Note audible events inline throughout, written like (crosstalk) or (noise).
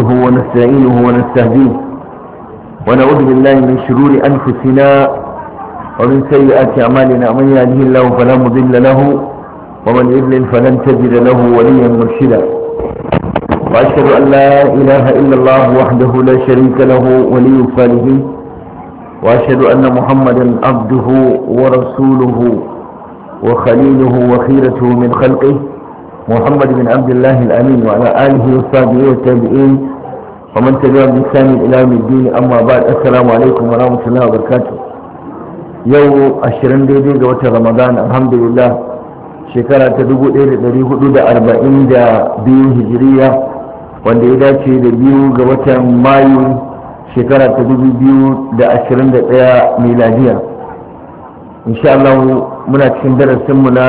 ونستعينه ونستهديه ونعوذ بالله من شرور أنفسنا ومن سيئات أعمالنا من يهده الله فلا مضل له ومن يضلل فلن تجد له وليا مرشدا وأشهد أن لا إله إلا الله وحده لا شريك له ولي صالحين وأشهد أن محمدا عبده ورسوله وخليله وخيرته من خلقه محمد بن عبد الله الأمين وعلى آله وصحبه والتابعين ومن تبعهم بإحسان إلى يوم الدين أما بعد السلام عليكم ورحمة الله وبركاته يوم عشرين دي دي رمضان الحمد لله شكرا تدبو إير دري حدود أربعين دا بيو هجرية wanda ya dace da biyu ga watan mayu shekara ta dubu biyu da ashirin da ɗaya miladiya insha Allah muna cikin darasinmu na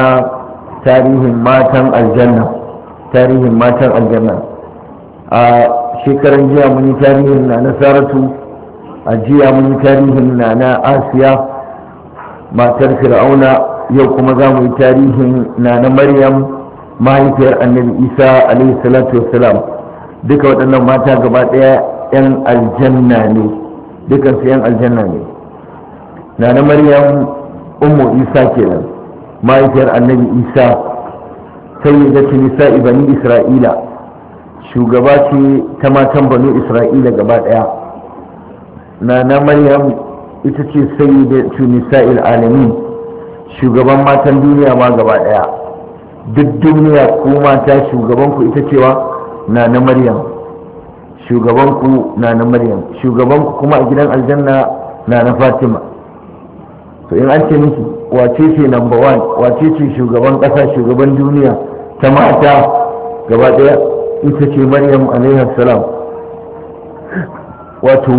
tarihin matan aljanna tarihin matan aljanna a shekaran jiya mun yi tarihin na nasaratu a jiya mun yi tarihin na na asiya matar fir'auna yau kuma za mu yi tarihin na na maryam mahaifiyar annabi isa alaihi salatu wassalam duka waɗannan mata gaba ɗaya 'yan aljanna ne su 'yan aljanna ne na na maryam ummu isa kenan mahaifiyar annabi isa sayyidatu nisa'i bani isra'ila shugaba ce ta matan bani isra'ila gaba daya na na maryam ita ce sai sayyidatu nisa'il alamin shugaban matan duniya ma gaba daya duk duniya ko mata shugaban ku ita cewa na na maryam shugaban ku na na maryam shugaban ku kuma a gidan aljanna na na fatima to in an ce miki wace ce number one wace ce shugaban ƙasa shugaban duniya ta mata gaba ɗaya ita ce maryam alaihi salam wato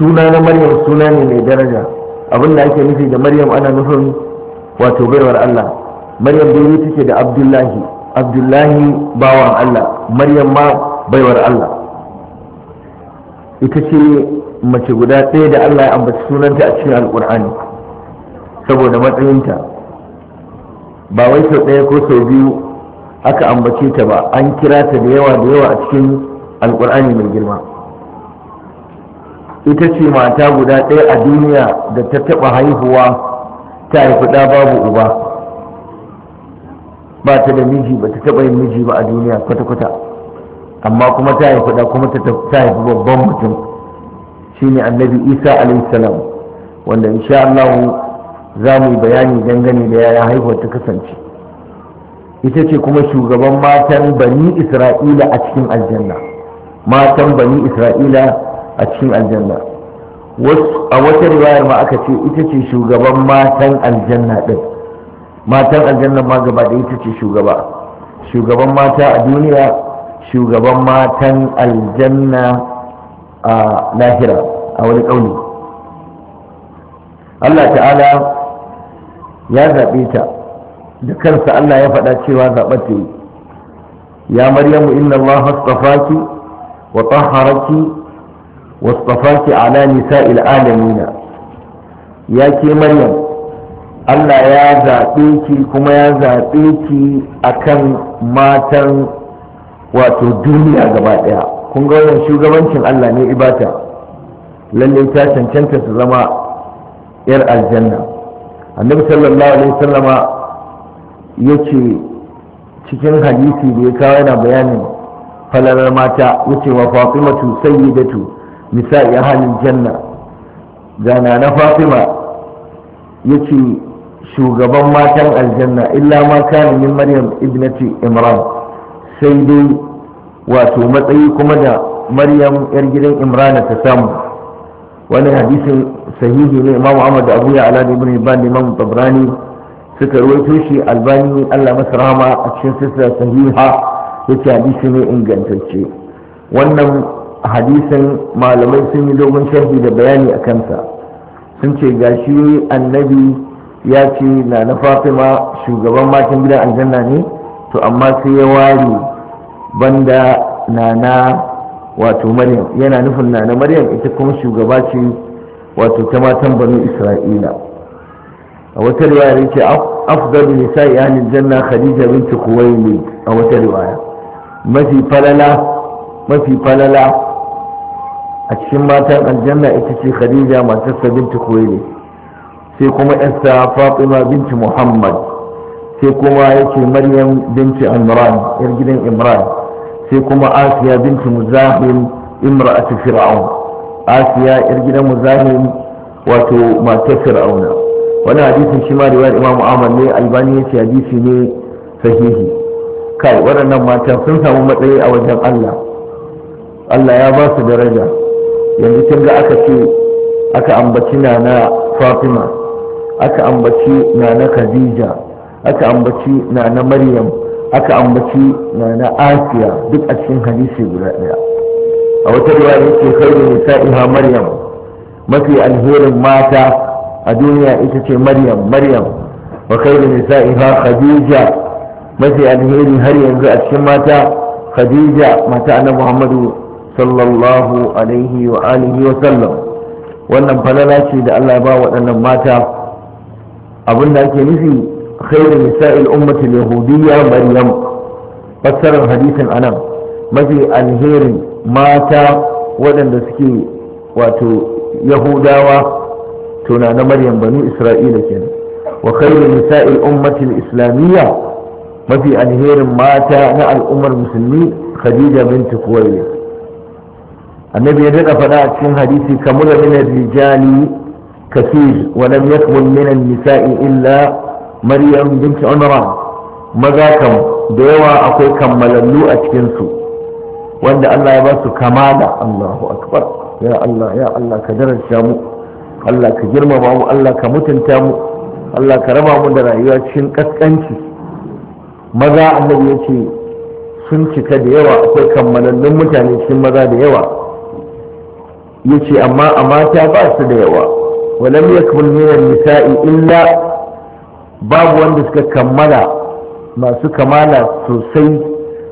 suna na maryam suna ne mai daraja abin da ake nufi da maryam ana nufin wato baiwar allah maryam dai ne take da abdullahi abdullahi bawan allah maryam ma baiwar allah ita ce mace guda ɗaya da allah ya ambaci sunanta a cikin alƙur'ani saboda matsayinta ba wai sau ɗaya ko sau biyu aka ambace ta ba an kira ta da yawa da yawa a cikin alkur'ani mai girma ita ce mata guda ɗaya a duniya da ta taɓa haihuwa ta haifi ɗa babu uba ba ta da miji ba ta taɓa yin miji ba a duniya kwata-kwata amma kuma ta haifi ɗa kuma ta haifi babban mutum shine annabi isa alaihi salam wanda insha Allah za mu yi bayani dangane da yaya haihuwar ta kasance ita ce kuma shugaban matan bani isra'ila a cikin aljanna matan bani isra'ila a cikin aljanna a wata riwayar ma aka ce ita ce shugaban matan aljanna din matan aljanna ma gaba da ita ce shugaba shugaban mata a duniya shugaban matan aljanna a lahira a wani ƙauni Allah ta'ala ya zaɓe ta da kansa Allah ya faɗa cewa zaɓa ta yi ya maryamu inna Allah astafaki wa tahharaki wa astafaki ala nisa'il alamina ya ke maryam Allah ya zaɓe ki kuma ya zaɓe ki a kan matan wato duniya gaba ɗaya kun ga wannan shugabancin Allah ne ibata lalle ta cancanta su zama 'yar aljanna annabi sallallahu alaihi wasallama ce cikin hadisi da ya kawo yana bayanin falalar mata ce wa fatimatu sayyidatu nisa'i halin janna gana na fatima ce shugaban matan aljanna illa ma kana min maryam ibnati imran sai dai wato matsayi kuma da maryam yar gidan imrana ta samu wani hadisin sahihi ne imamu ahmad da abu ya ala da ibn hibban da imamu tabrani suka rawaito shi albani allah masa rahama a cikin sisra sahiha yace hadisi ne ingantacce wannan hadisin malamai sun yi dogon sharhi da bayani a kansa sun ce gashi annabi ya ce na na fatima shugaban matan gidan aljanna ne to amma sai ya ware banda na na wato maryam yana nufin na na maryam ita kuma shugaba ce wato ta matan banu isra'ila a wata riwaya yake afdalu nisa'i ahlil janna khadija bint khuwaylid a wata riwaya mafi falala mafi falala a cikin matan aljanna ita ce khadija matarsa bint khuwaylid sai kuma yarsa fatima bint muhammad sai kuma yake maryam bint imran yar gidan imran sai kuma asiya bint muzahim imra'atu fir'aun asiya yar gidan muzahim wato matar fir'auna wani hadisin shi ma riwayar imamu ahmad ne albani ya ce hadisi ne sahihi kai waɗannan mata sun samu matsayi a wajen allah allah ya ba su daraja yanzu kin ga aka ce aka ambaci nana fatima aka ambaci nana khadija aka ambaci nana maryam aka ambaci nana asiya duk a cikin hadisi guda ɗaya a wata ruwa yake khairu nisa'iha maryam mafi alherin mata a duniya ita ce maryam maryam wa khairu nisa'iha khadija mafi alheri har yanzu a cikin mata khadija mata na muhammadu sallallahu alaihi wa alihi wa sallam wannan falala ce da Allah ba waɗannan mata da ake nufi khairu nisa'il ummati yahudiyya maryam fassarar hadisin anan mafi alherin mata waɗanda suke wato yahudawa tuna na maryam banu isra'ila kenan wa khairu nisa'il ummati islamiyya mafi alherin mata na al'ummar musulmi khadija bint kuwaili annabi ya daɗa faɗa a cikin hadisi kamula mina rijali kasir wa lam yakmul min nisai illa maryam bint umran maza kam da yawa akwai kammalallu a cikin su wanda Allah ya ba su kamala Allahu akbar ya Allah ya Allah ka daraja mu Allah ka girmama mu Allah ka mutunta mu Allah ka raba mu da rayuwa cikin kaskanci maza ya ce sun cika da yawa akwai kammalallun mutane cikin maza da yawa yace amma a mata ba su da yawa walam yakmul min nisa'i illa babu wanda suka kammala masu kamala sosai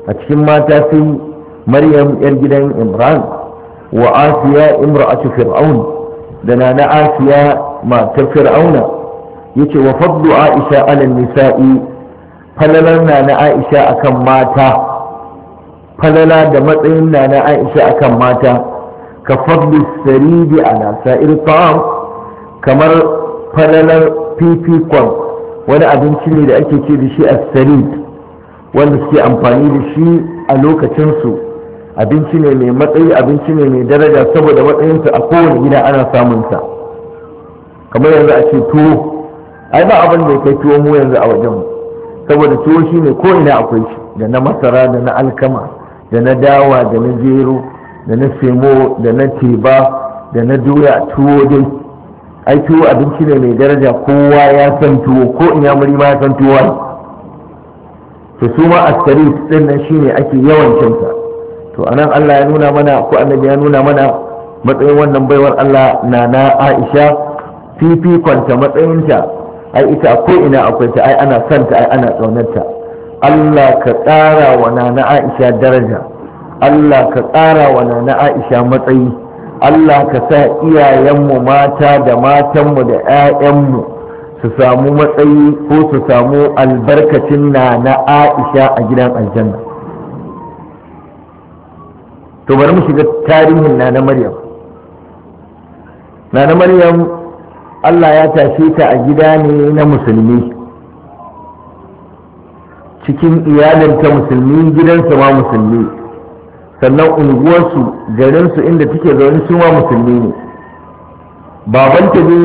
a cikin mata sai maryam yar gidan imran wa asiya imra'atu fir'aun da na na asiya matar fir'auna yace wa fadlu aisha ala nisa'i falalar na na aisha akan mata falala da matsayin na aisha akan mata ka fadlu saridi ala sa'ir ta'am kamar falalar fifikon wani abinci ne da ake ce da shi a sarid wanda suke amfani da shi a lokacinsu abinci ne mai matsayi abinci ne mai daraja saboda matsayinsa a kowane gida ana samunsa kamar yanzu a ce tuwo ai ba abin da ya kai tuwo mu yanzu a wajenmu saboda tuwo shi ne ko ina akwai shi da na masara da na alkama da na dawa da na jero da na semo da na teba da na doya tuwo dai ai tuwo abinci ne mai daraja kowa ya san tuwo ko ina muri ma ya san tuwo to su ma a din nan shine ake yawan cinsa to anan Allah ya nuna mana ko annabi ya nuna mana matsayin wannan baiwar Allah na na Aisha fifikonta matsayinta ai ita ko ina akwai ta ai ana santa ai ana tsaunarta Allah ka tsara wa na Aisha daraja Allah ka tsara wa na Aisha matsayi Allah ka sa iyayenmu mata da matanmu da 'ya'yanmu su samu matsayi ko su samu albarkacin na na Aisha a gidan aljanna to bari mu shiga tarihin na na maryam na na maryam allah ya tashe ta a gida ne na musulmi cikin iyalinta musulmi gidansa ma musulmi sannan unguwarsu garinsu inda take zaune su ma musulmi ne babanta ne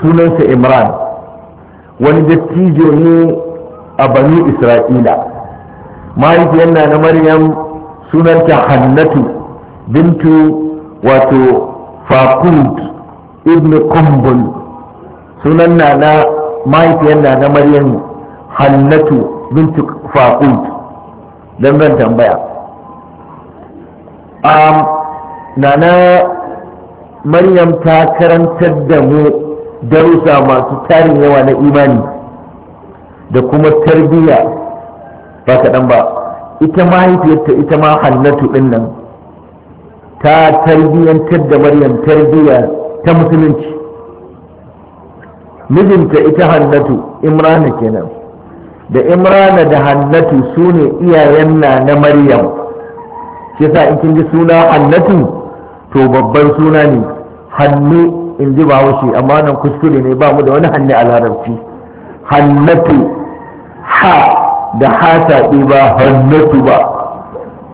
sunansa imran wani dattijo ne a banu isra'ila mahaifiyar na na maryam sunanta hannatu bintu wato fakud ibn kumbul sunan na na mahaifiyar na na hannatu bintu fakud don zan tambaya na na maryam ta karantar da mu darussa masu tarin yawa na imani da kuma tarbiyya ba kaɗan ba ita mahaifiyarta ita ma hannatu ɗin nan ta tarbiyyantar da maryam tarbiyya ta musulunci mijinta ita hannatu imrana kenan da imrana da hannatu su ne iyayen na na maryam shi sa in kin ji suna hannatu to babban suna ne hannu in ji ba amma nan kuskure ne ba mu da wani hannu a larabci hannatu ha da hataɗe ba hannatu ba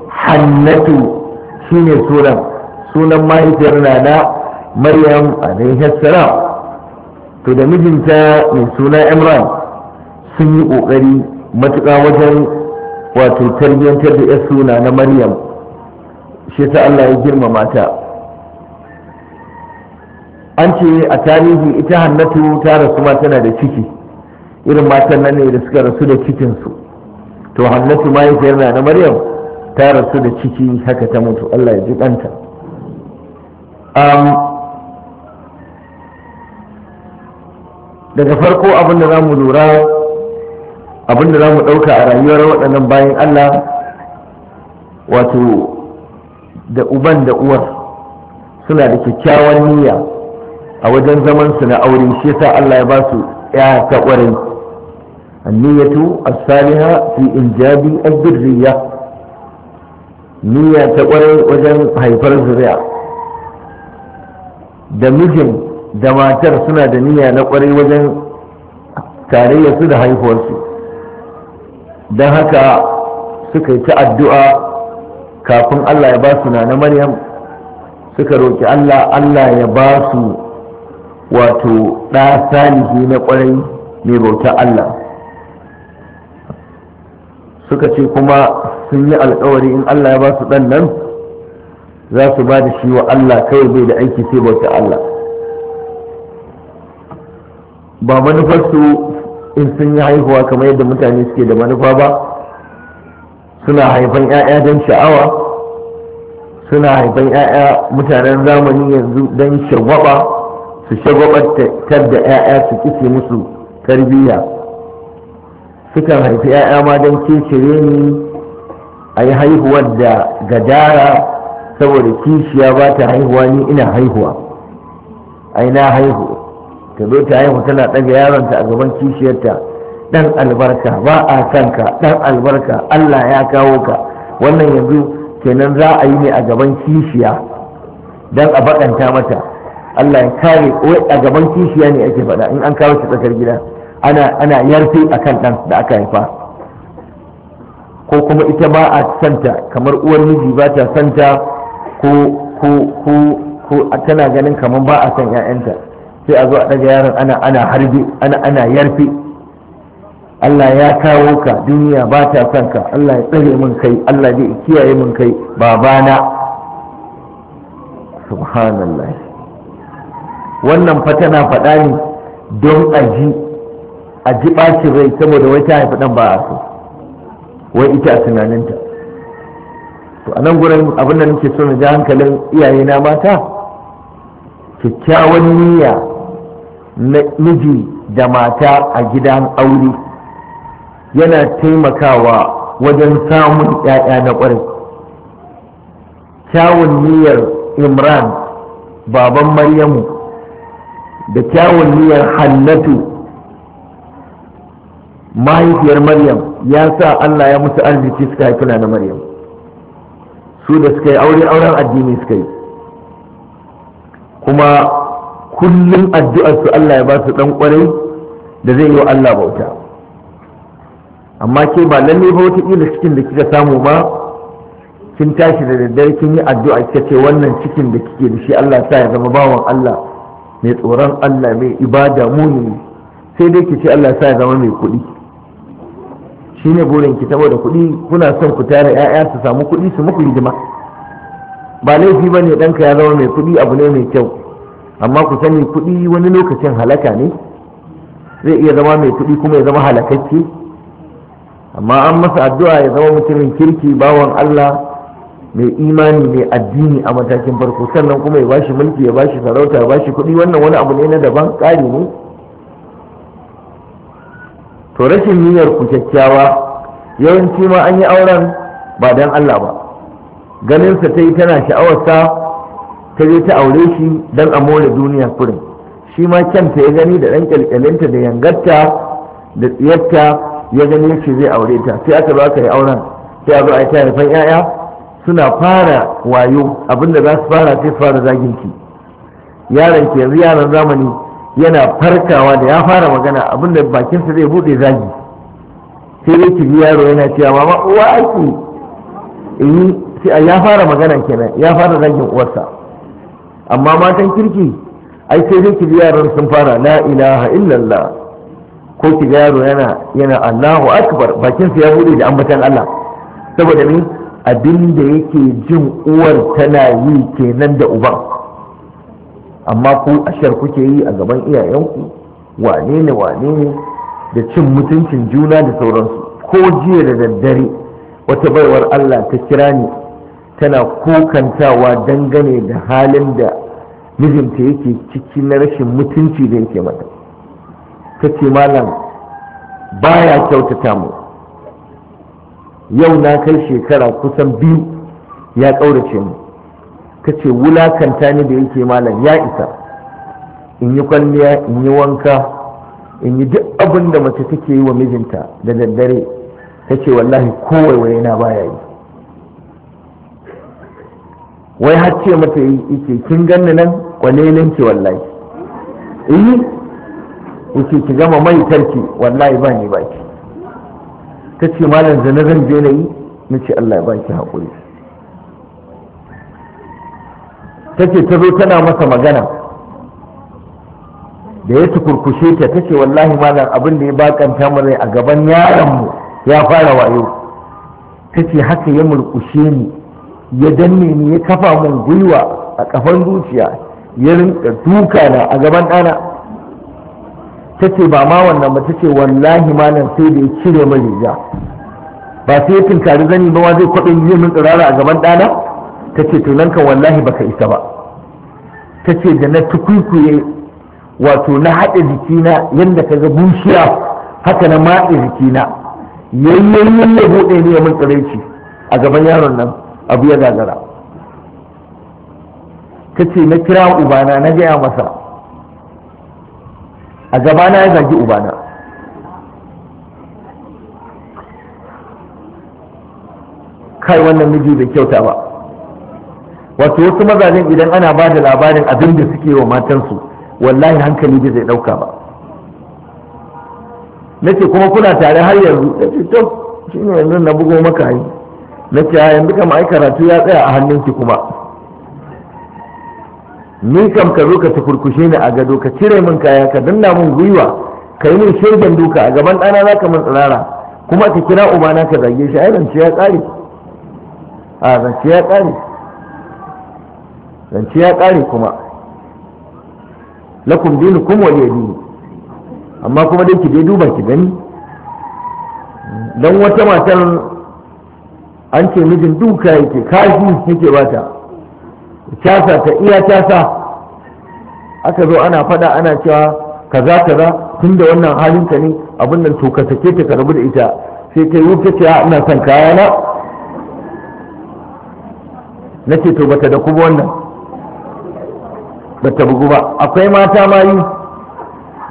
hannatu shine sunan sunan mahaifiyar nana maryam alaihi to da mijinta mai suna imran sun yi ƙoƙari matuƙa wajen wato tarbiyyantar da 'yar suna na maryam shi ta allah ya girmama ta an ce a tarihi ita hannatu ta rasu ma tana da ciki irin matan nan ne da suka rasu da cikinsu to hannatu mahaifiyar na na maryam ta rasu da ciki haka ta mutu allah ya ji ɗanta daga farko abin da za mu lura abin da za mu ɗauka a rayuwar waɗannan bayan allah wato da uban da uwar suna da kyakkyawan niyya a wajen zaman su na aure shi yasa allah ya ba su ya ta ƙwarai النية الصالحة في إنجاب الذرية نية تقرأ وجن هيفر الزريعة da mijin da matar suna da niyya na kwarai wajen tarayya su da haihuwarsu don haka suka yi ta addu'a kafin Allah ya ba su na Maryam suka roƙi Allah Allah ya basu, wato ɗa salihi na kwarai mai bauta Allah suka ce kuma sun yi alkawari in Allah ya ba su ɗan nan za su ba da shi wa Allah kawai bai da aiki sai bauta Allah ba manufarsu in sun yi haihuwa kamar yadda mutane suke da manufa ba suna haifan 'ya'ya don sha'awa suna haifan 'ya'ya mutanen zamani yanzu don shagwaba su shagwabar da 'ya'ya su kise musu tarbiyya sukan haifi 'ya'ya ma don cecire ni a yi haihuwar da gadara saboda kishiya ba ta haihuwa ni ina haihuwa ai na haihu ta zo ta haihu tana ɗaga yaronta a gaban kishiyarta ɗan albarka ba a kanka ɗan albarka allah ya kawo ka wannan yanzu kenan za a yi ne a gaban kishiya don a baƙanta mata allah ya kare wai a gaban kishiya ne ake faɗa in an kawo shi tsakar gida ana ana a kan ɗan da aka haifa ko kuma ita ba a santa kamar uwar miji ba ta santa ko ko ko ko tana ganin kamar ba a san ƴaƴanta sai a zo a daga yaron ana ana harbi ana ana yarfi Allah ya kawo ka duniya ba ta son ka Allah ya tsare min kai Allah zai kiyaye min kai babana subhanallah wannan fa tana faɗa ne don aji a ji ɓacin rai saboda wai ta haifi ɗan ba a so wai ita a tunaninta to a nan gurin abin da nake so na ji hankalin na mata kyakkyawan niyya na miji da mata a gidan aure yana taimakawa wajen samun 'ya'ya na ƙwarai kyawun niyyar imran baban maryamu da kyawun niyyar hannatu mahaifiyar maryam ya sa allah ya musu arziki suka haifi na maryam su da suka yi aure auren addini suka yi kuma kullum addu'arsu allah ya ba su ɗan kwarai da zai yi wa allah bauta amma ke ba lalle ba ila cikin da kika samu ba kin tashi da daddare kin yi addu'a kika ce wannan cikin da kike da shi Allah sa ya zama bawan Allah mai tsoron Allah mai ibada muni sai dai ki ce Allah sa ya zama mai kuɗi shi ne ki saboda kuɗi kuna son ku tara 'ya'ya su samu kuɗi su muku hidima ba laifi ba ne ɗanka ya zama mai kuɗi abu ne mai kyau amma ku sani kuɗi wani lokacin halaka ne zai iya zama mai kuɗi kuma ya zama halakacce? amma an masa addu'a ya zama mutumin kirki bawan Allah mai imani mai addini a matakin farko sannan kuma ya bashi mulki ya bashi sarauta ya bashi kuɗi wannan wani abu ne na daban ƙari ne to rashin niyyar ku kyakkyawa yawanci ma an yi auren ba dan Allah ba ganinsa ta yi tana sha'awarsa ta je ta aure shi don a more duniya kurin shi ma kyanta ya gani da ɗan kyalkyalinta da yangarta da tsiyarta ya gani shi zai aure ta sai aka zo aka yi auren sai a zo a yi ta haifan 'ya'ya suna fara wayo abinda za su fara sai fara zaginki yaron ke yanzu yaran zamani yana farkawa da ya fara magana abinda bakinsa zai bude zagi sai dai ki yaro yana cewa mama uwa aiki eh sai ya fara magana kenan ya fara zagin uwarsa amma matan kirki ai sai dai ki yaron sun fara la ilaha illallah ko ki yaro yana yana Allahu akbar bakinsa ya bude da ambatan Allah saboda ne abin da yake jin uwar tana yi kenan da uban amma ku ashar kuke yi a gaban iyayenku wane ne wane ne da cin mutuncin juna da sauransu ko jiya da daddare wata baiwar Allah ta kira ni tana kokantawa dangane da halin da mijinta yake ciki na rashin mutunci da yake mata ta ce malam baya kyautata mu yau na kai shekara kusan biyu ya ƙaurace mu ce wulakanta ni da yake malam ya isa in yi kwalliya in yi wanka in yi duk abin da mace take yi wa mijinta da daddare ta ce wallahi kowai na baya yi wai har ce mata yi ce kin ganni nan kwalelin ki wallahi eh? yi wuce ki gama mai tarki wallahi ba ni baki ta ce malam zanen zan je na yi na ce Allah ya baki haƙuri take ta zo tana masa magana da ya tukurkushe ta take wallahi malam abin da ya bakanta mu rai a gaban yaronmu ya fara wayo take haka ya mulkushe ni ya danne ni ya kafa mun gwiwa a kafan zuciya ya rinka duka na a gaban ɗana take ba ma wannan ba tace wallahi malam sai da ya cire mai ba sai ya tinkari zani ba zai kwaɗin yin tsirara a gaban ɗana ta ce to nan kan wallahi baka isa ba ta ce da na tukwikwiye wato na haɗa jikina yadda ka ga bushiya haka na matse jikina yayyayin ya buɗe ne ya mun tsiraici a gaban yaron nan abu ya gagara ta ce na kira ubana na gaya masa a gabana ya zagi ubana kai wannan miji bai kyauta ba wato wasu mazajen idan ana ba da labarin abin da suke wa matansu wallahi hankali bai zai ɗauka ba nace kuma kuna tare har yanzu nace to shine yanzu na bugo maka yi nace a yanzu kam ai karatu ya tsaya a ki kuma ni kam ka zo ka tukurkushe ni a gado ka cire min kaya ka danna min gwiwa ka yi min shegen duka a gaban ɗana za ka min tsirara kuma ka kira ubana ka zage shi ai zance ya tsare a zance ya zance ya ƙare kuma lakum dinukum wa liya dini amma kuma dai ki dai duba ki gani dan wata matar an ce mijin duka yake kashi yake bata casa ta iya casa aka zo ana fada ana cewa kaza kaza tun da wannan halin ka ne abin nan to ka sake ta ka da ita sai ta yi ta ce ah, ina son kayana na ce to bata da kuma wannan ba ta bugu ba akwai mata mayu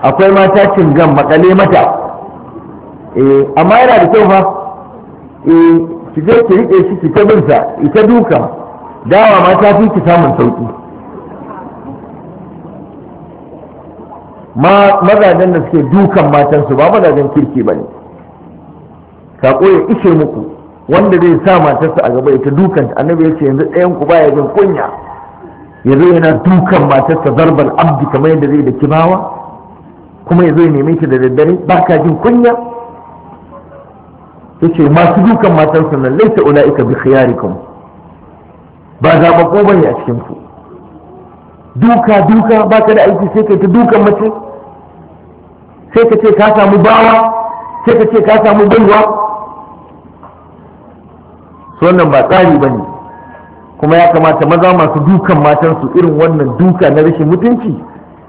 akwai mata cingan makale mata eh amma yana da kyau fa eh ki je ki rike shi ki ta binsa ita duka dawa ma fi ki samun sauki mazajen da suke dukan matansu ba mazajen kirki ba ne sako ya ishe muku wanda zai sa matarsa a gaba ita dukanta annabi ya ce yanzu ɗayan ku baya jin kunya ya zo yana dukan matarsa zarban abdi kamar yadda zai da kibawa kuma ya zo ya neme da daddare ba ka jin kunya ya ce masu dukan matarsa nan laita ula'ika bi khiyarikum ba za ba ne a cikin ku duka duka ba ka da aiki sai ka ta dukan mace sai ka ce ka samu bawa sai ka ce ka samu baiwa wannan ba tsari ba ne kuma ya kamata maza masu dukan matansu irin wannan duka na rashin mutunci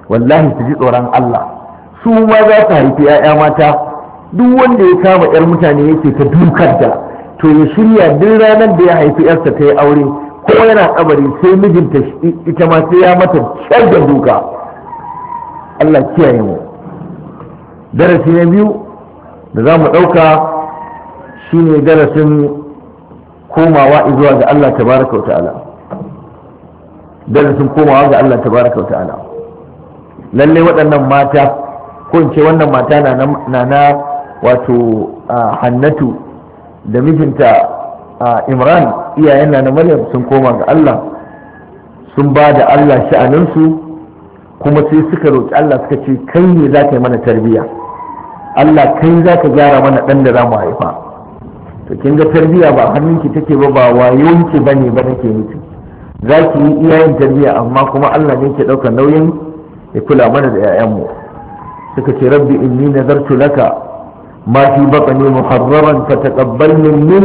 wallahi su ji tsoron Allah su ma za su haifi 'ya'ya mata duk wanda ya kama 'yar mutane yake ta dukar da to ya shirya duk ranar da ya haifi 'yarsa ta yi aure ko yana kabari sai mijinta ita ma sai ya mata kyar da duka Allah kiyaye mu darasi na biyu da za mu ɗauka shine darasin komawa zuwa ga Allah tabaraka wa ta'ala darasin komawa ga Allah tabaraka wa ta'ala lalle waɗannan mata ko in ce wannan mata na na wato hannatu da mijinta imran iyayen na maryam sun koma ga Allah sun ba da Allah sha'aninsu kuma sai suka roƙi Allah suka ce kai ne za ka yi mana tarbiyya Allah kai za ka gyara mana ɗan da za mu haifa to kin ga tarbiya ba hannunki take ba ba wayonki bane ba nake nufi za ki yi iyayen tarbiya amma kuma Allah ne ke ɗaukar nauyin ya kula mana da 'ya'yanmu suka ce rabbi inni nazartu laka ma fi baqani muharraran fataqabbal minni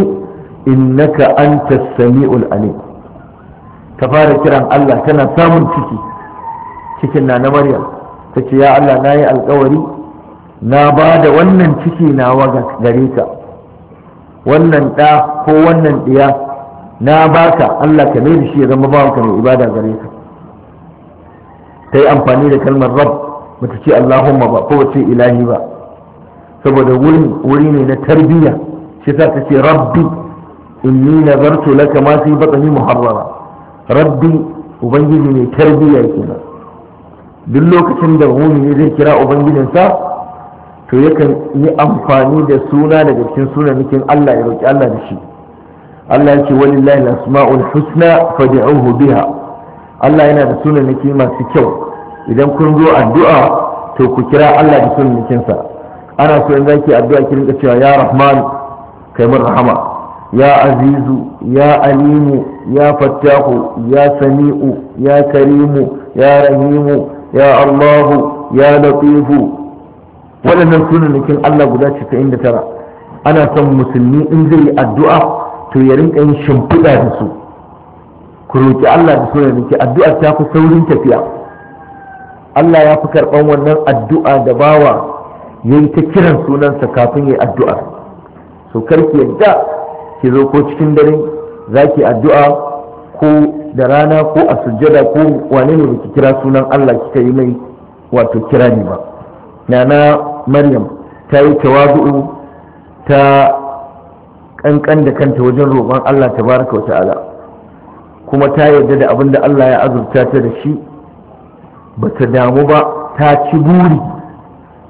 innaka antas samiul alim ta fara kiran Allah tana samun ciki cikin na na Maryam tace ya Allah nayi alƙawari na ba da wannan ciki nawa gare ka wannan ɗa ko wannan ɗiya na baka Allah ka da shi ya zama bawanka mai ibada gare ka ta yi amfani da kalmar rab bata ce Allahumma ba ko ce ilahi ba saboda wuri ne na tarbiyya shi sa ta ce rabbi inni nazartu laka ma fi batni muharrara rabbi ubangiji mai tarbiyya kenan duk lokacin da ne zai kira ubangijinsa to yakan yi amfani da suna daga cikin sunanikin Allah ya roƙi Allah da shi Allah ya ce walillahi al-asma'ul husna fad'uhu biha Allah yana da sunaniki masu kyau idan kun zo addu'a to ku kira Allah da sunanikin sa ana so in zaki addu'a ki rinka cewa ya rahman kai mun rahama ya azizu ya alimu ya fattahu ya sami'u ya karimu ya rahimu ya allahu ya latifu waɗannan sunanakin Allah guda tara, ana son musulmi in zai yi addu'a to ya rinka yin shimfiɗa da su ku roƙi Allah da sunanaki addu'a ta fi saurin tafiya Allah ya fi karɓan wannan addu'a da bawa ya yi ta kiran sunansa kafin ya yi addu'a so karki yadda ki zo ko cikin dare za ki addu'a ko da rana ko a sujjada ko wane ne ki kira sunan Allah kika yi mai wato kirani ba na na maryam ta yi tawazu'u ta kankan da kanta wajen roƙon Allah ta baraka wa ta'ala kuma ta yarda da abin da Allah ya azurta ta da shi ba ta damu ba ta ci buri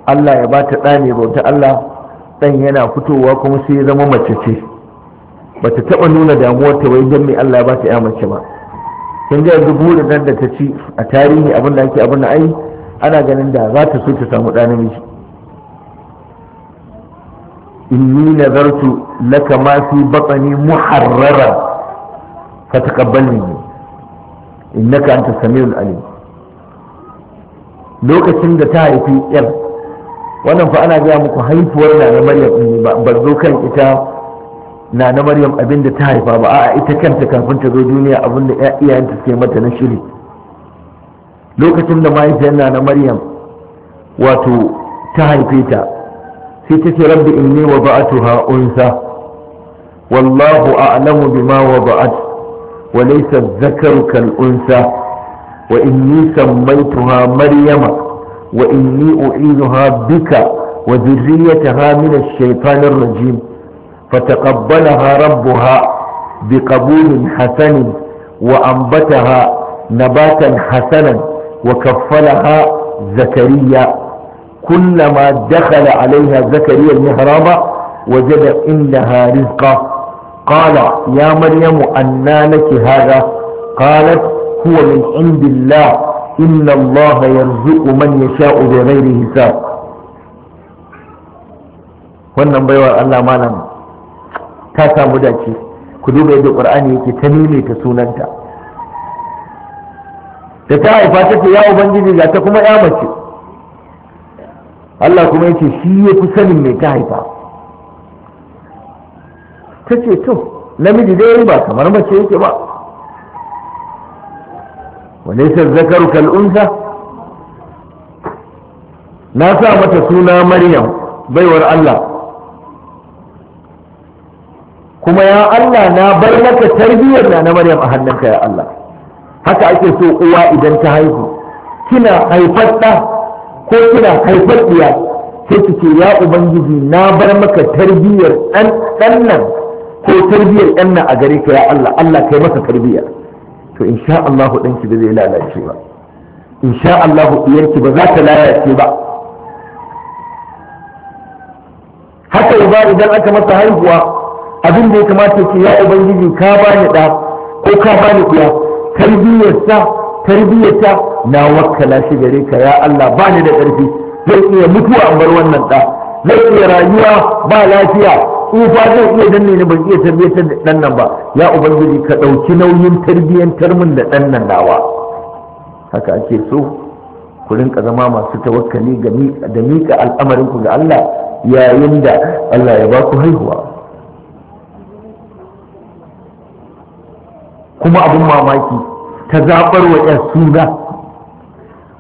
Allah ya ba ta ɗane bauta Allah ɗan yana fitowa kuma sai ya zama mace ce ba ta taɓa nuna damuwa ta wai don me Allah ya ba ta mace ba kin ga yanzu burin nan da ta ci a tarihi abin da ake abin da ai ana ganin da za ta so ta samu ɗa namiji inni nazartu laka ma fi batni muharraran fataqabbal minni innaka anta samiul alim lokacin da ta haifi yar wannan fa ana gaya muku haifuwar na na maryam ba zo kan ita na na maryam abinda ta haifa ba a ita kanta kafin ta zo duniya abinda iyayenta suke mata na shiri lokacin da mahaifiyar na na maryam wato ta haife ta في ربي إني وضعتها أنثى والله أعلم بما وضعت وليس الذكر كالأنثى وإني سميتها مريم وإني أعيذها بك وذريتها من الشيطان الرجيم فتقبلها ربها بقبول حسن وأنبتها نباتا حسنا وكفلها زكريا كلما دخل عليها زكريا المهراب وجد عندها رزقا قال يا مريم أنى لك هذا قالت هو من عند الله إن الله يرزق من يشاء بغير حساب wannan baiwar Allah malam ta samu dace ku duba yadda Qur'ani yake ta ta sunanta da ta haifa ta ce ya ubangiji ga ta kuma ya mace Allah kuma yace shi ya fi sanin mai ta haifa ta ce to namiji dai ba kamar mace yake ba walaisa zakaru kal'unsa na sa mata suna maryam baiwar Allah kuma ya Allah na bar maka tarbiyyar na na maryam a hannunka ya Allah haka ake so uwa idan ta haihu kina haifar ɗa ko kina haifar ɗiya sai ki ce ya ubangiji na bar maka tarbiyyar ɗan nan ko tarbiyyar ɗan nan a gare ka ya Allah Allah kai masa tarbiyya to insha Allah ɗanki ba zai lalace ba insha Allah ɗiyarki ba za ta lalace ba haka ba idan aka masa haihuwa abin da ya kamata ce ya ubangiji ka bani ɗa ko ka bani ɗiya tarbiyyar sa tarbiyyata na wakkala shi gare ka ya Allah ba ni da ƙarfi zai iya mutuwa an bar wannan ɗa zai iya rayuwa ba lafiya tsufa zai iya danne ni ban iya tarbiyyatar da ɗan nan ba ya ubangiji ka ɗauki nauyin tarbiyyantar min da ɗan nan nawa haka ake so ku rinka zama masu tawakkali da miƙa al'amarinku ga Allah yayin da Allah ya ba ku haihuwa kuma abin mamaki ta zaɓar wa ‘yar suna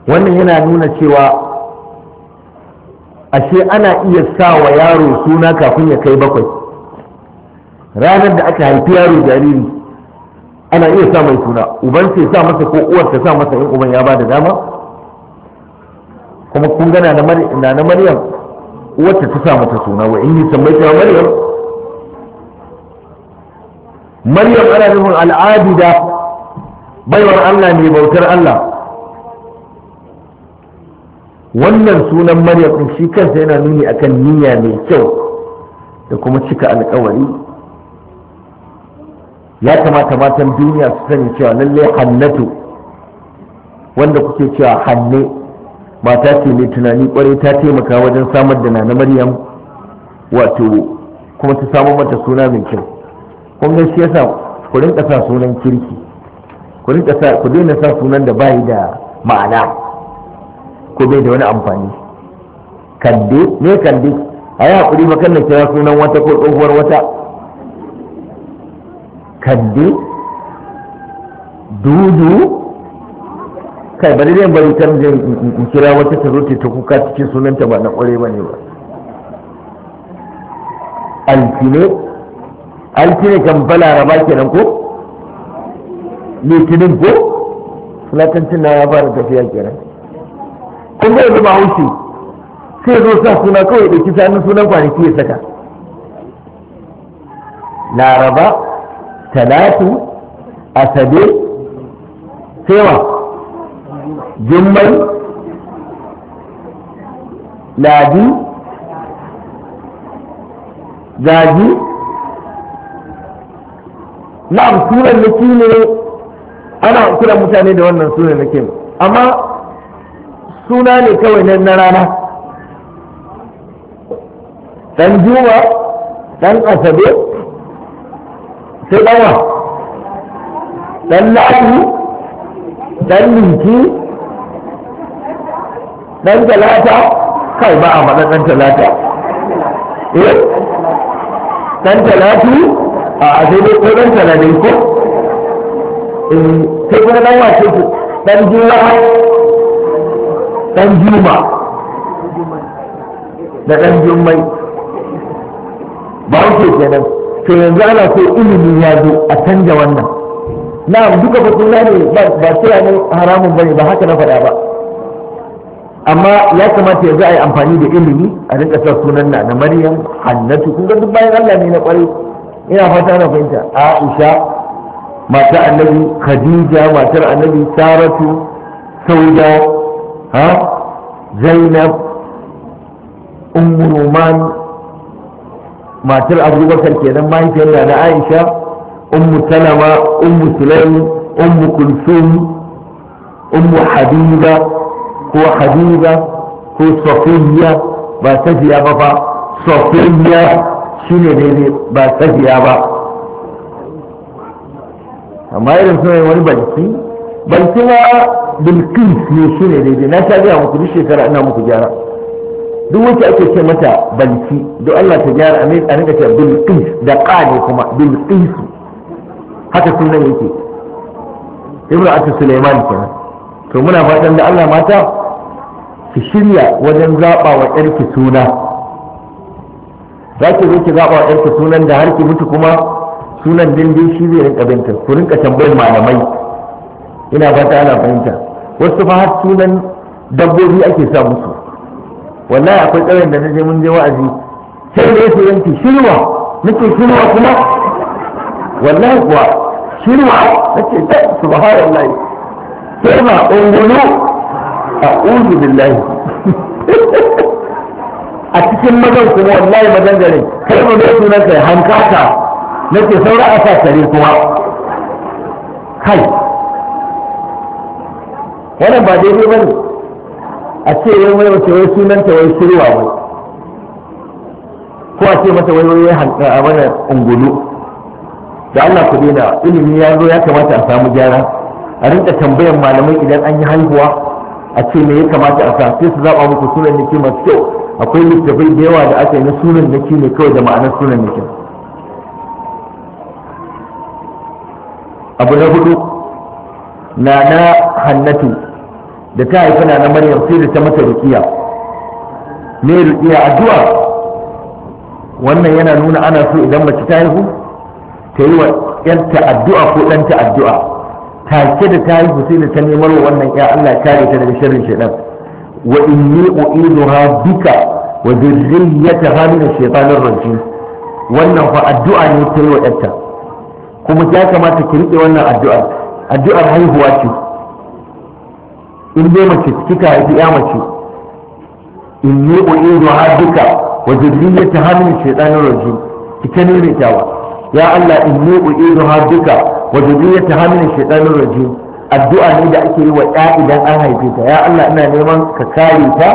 wannan yana nuna cewa ashe ana iya sa wa yaro suna kafin ya kai bakwai ranar da aka haifi yaro jariri ana iya sa mai suna uban sai sa masa ko uwar ta sa masa in uban ya ba da dama kuma kun gana na na maryam uwarta ta sa mata suna wa in yi ta maryam maryam ana nufin al'adida baiwar Allah ne bautar Allah wannan sunan maryam din shi kansa yana nuni akan niyya mai kyau da kuma cika alkawari ya kamata matan duniya su sani cewa lalle hannatu wanda kuke cewa hanne mata ce mai tunani kwarai ta taimaka wajen samar da nana maryam wato kuma ta samu mata suna mai kyau kun ga shi yasa ku rinka sa sunan kirki ku rinka sa ku daina sa sunan da bai da ma'ana ko bai da wani amfani kande ne kande a yi haƙuri kan na kira sunan wata ko tsohuwar wata kande dudu kai bari zai bari kan zai in kira wata ta zo ta kuka cikin sunanta ba na ƙware ba ne ba alfine alfine kan balaraba kenan ko litinin ko fulatancin na ya fara tafiya kenan kun ga yanzu bahaushe sai zo sa suna kawai da kisa na sunan kwanaki ya saka laraba talatu asabe sewa jummai ladi gaji na sunan ne ana kira mutane da wannan suna na kim amma suna ne kawai na rana dan juma dan asabe sai dawa dan la'ayi dan liki dan talata kai ba a faɗa dan talata eh dan talatu a sai dai ko dan talatin ko sai eh, kuma dan wace ku dan juma dan juma da dan jummai ba wuce kenan to yanzu ana so ilimi ya zo a canja wannan na duka ba suna ne ba kira ne haramun bane ba haka na faɗa ba amma ya kamata yanzu a yi amfani da ilimi a rinka sa sunan na na maryam hannatu kun ga duk bayan allah ne na kwarai ina fata na fahimta aisha mata annabi khadija matar annabi saratu sauda ha zainab ummu ruman matar abubakar kenan mahaifiyar da aisha ummu salama ummu sulaim ummu kulsum ummu habiba ko habiba ko safiya ba safiya ba ba safiya shine ne ba safiya ba amma irin suna wani banki banki ma bilkis ne shi ne daidai na ta gaya muku duk shekara ina muku gyara duk wacce ake ce mata banki don Allah ta gyara a rinka ce bilkis da ƙane kuma bilkis haka sunan yake ibnu atas suleiman kenan to muna fatan da Allah mata ki shirya wajen zaɓa wa ƴarki suna za ki zo ki zaɓa wa ƴarki sunan da har ki mutu kuma sunan dindin shi zai rinka binta ku rinka tambayar malamai ina fata ana fahimta wasu fa har sunan dabbobi ake sa musu wallahi akwai tsawon da na je mun je wa'azi sai da yake yanki shirwa nake shirwa kuma wallahi kuwa shirwa nake ta subhanallahi sai ma ungulu a'udhu billahi (laughs) a cikin mazan kuma wallahi mazan gari. kai mu ne sunan kai hankaka nake saura a sa kuma kai wannan ba daidai ba ne a ce yau mai wace wai sunanta wai shirwa ba, ko a ce mata wai wai a mana ungulu da Allah ku daina ilimi ya zo ya kamata a samu gyara a rinka tambayar malamai idan an yi haihuwa a ce me ya kamata a sa sai su zaba muku sunan nake masu kyau akwai littafai da yawa da aka yi na sunan nake ne kawai da ma'anar sunan nake abu na hudu na na hannatu da ta haifi na na maryam sai da ta mata rukiya me rukiya addu'a wannan yana nuna ana so idan mace ta haihu ta yi wa yarta addu'a ko ɗanta addu'a take da ta haihu sai da ta nemar wa wannan ya Allah kare ta daga sharrin shaitan wa inni u'iduha bika wa dhurriyyataha min ash-shaytanir rajim wannan fa addu'a ne ta yi wa yarta kuma ya kamata ki riƙe wannan addu'ar addu'ar haihuwa ce in dai mace kika haifi ya mace in ne u'idu ha duka wa zurriyyata hamin shaytanir rajim ki ta nuna kyawa ya Allah in ne u'idu ha duka wajen wa ta hamin shaytanir rajim addu'a ne da ake yi wa ɗa idan an haife ta ya Allah ina neman ka kare ta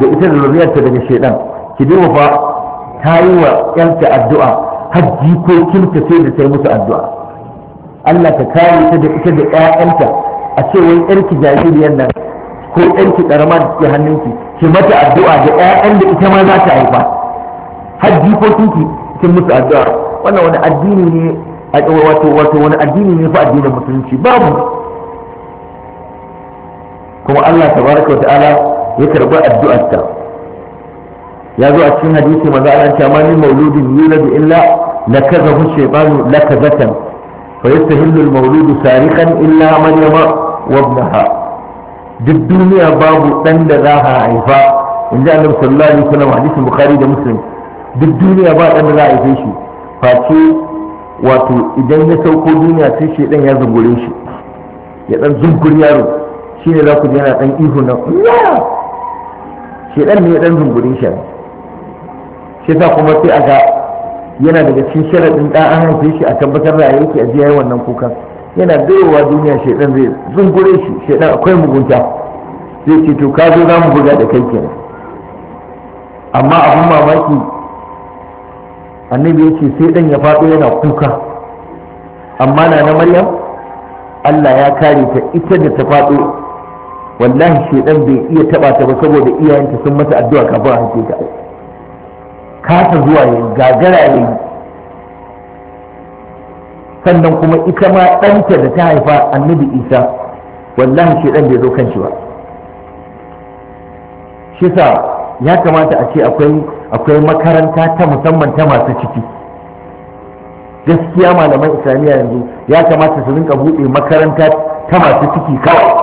da ita da zuriyarta daga shaytan ki duba fa ta yi wa ƴarta addu'a hajji ko kinta sai da sai musu addu'a Allah ka kare ta da ita da ƴaƴanta a ce wai ƴarki jaririyar nan ko ƴarki ƙarama da ke hannunki ki mata addu'a da ƴaƴan da ita ma za ta haifa hajji ko kinki kin musu addu'a wannan wani addini ne a wato wato wani addini ne fa addinin musulunci babu kuma Allah tabaraka wa ta'ala ya karɓi addu'arta ya zo a cikin hadisi maza Allah ce amma min mauludin yuladu illa lakazahu shaytanu lakazatan fa yastahillu al-mawludu sariqan illa man yama wa ibnaha duk duniya babu dan da za a haifa in ji annabi sallallahu alaihi wasallam hadisin bukhari da muslim duk duniya ba dan da za a haife shi face wato idan ya sauko duniya sai shedan ya zungure shi ya dan zungur yaro shine za ku ji yana dan ihu na shedan ne ya dan zungure shi shi yasa kuma sai a ga yana daga cikin sharaɗin ɗan an haife shi a tabbatar da a ajiya yayin wannan kukan yana dawowa duniya shaidan zai zungure shi shaidan akwai mugunta zai ce to ka zo za mu buga da kai kenan amma abin mamaki annabi ya ce sai dan ya faɗo yana kuka amma na na maryam allah ya kare ta ita da ta faɗo wallahi shaidan bai iya taɓa ta ba saboda iyayenta sun mata addu'a kafin a haife ta kasa zuwa yin gagara ya sannan kuma ita ma ɗanta da ta haifa annabi isa wallahi shi ɗan bai zo kan shi ba shi sa ya kamata a ce akwai makaranta ta musamman ta masu ciki gaskiya malaman islamiyya yanzu ya kamata su rinka buɗe makaranta ta masu ciki kawai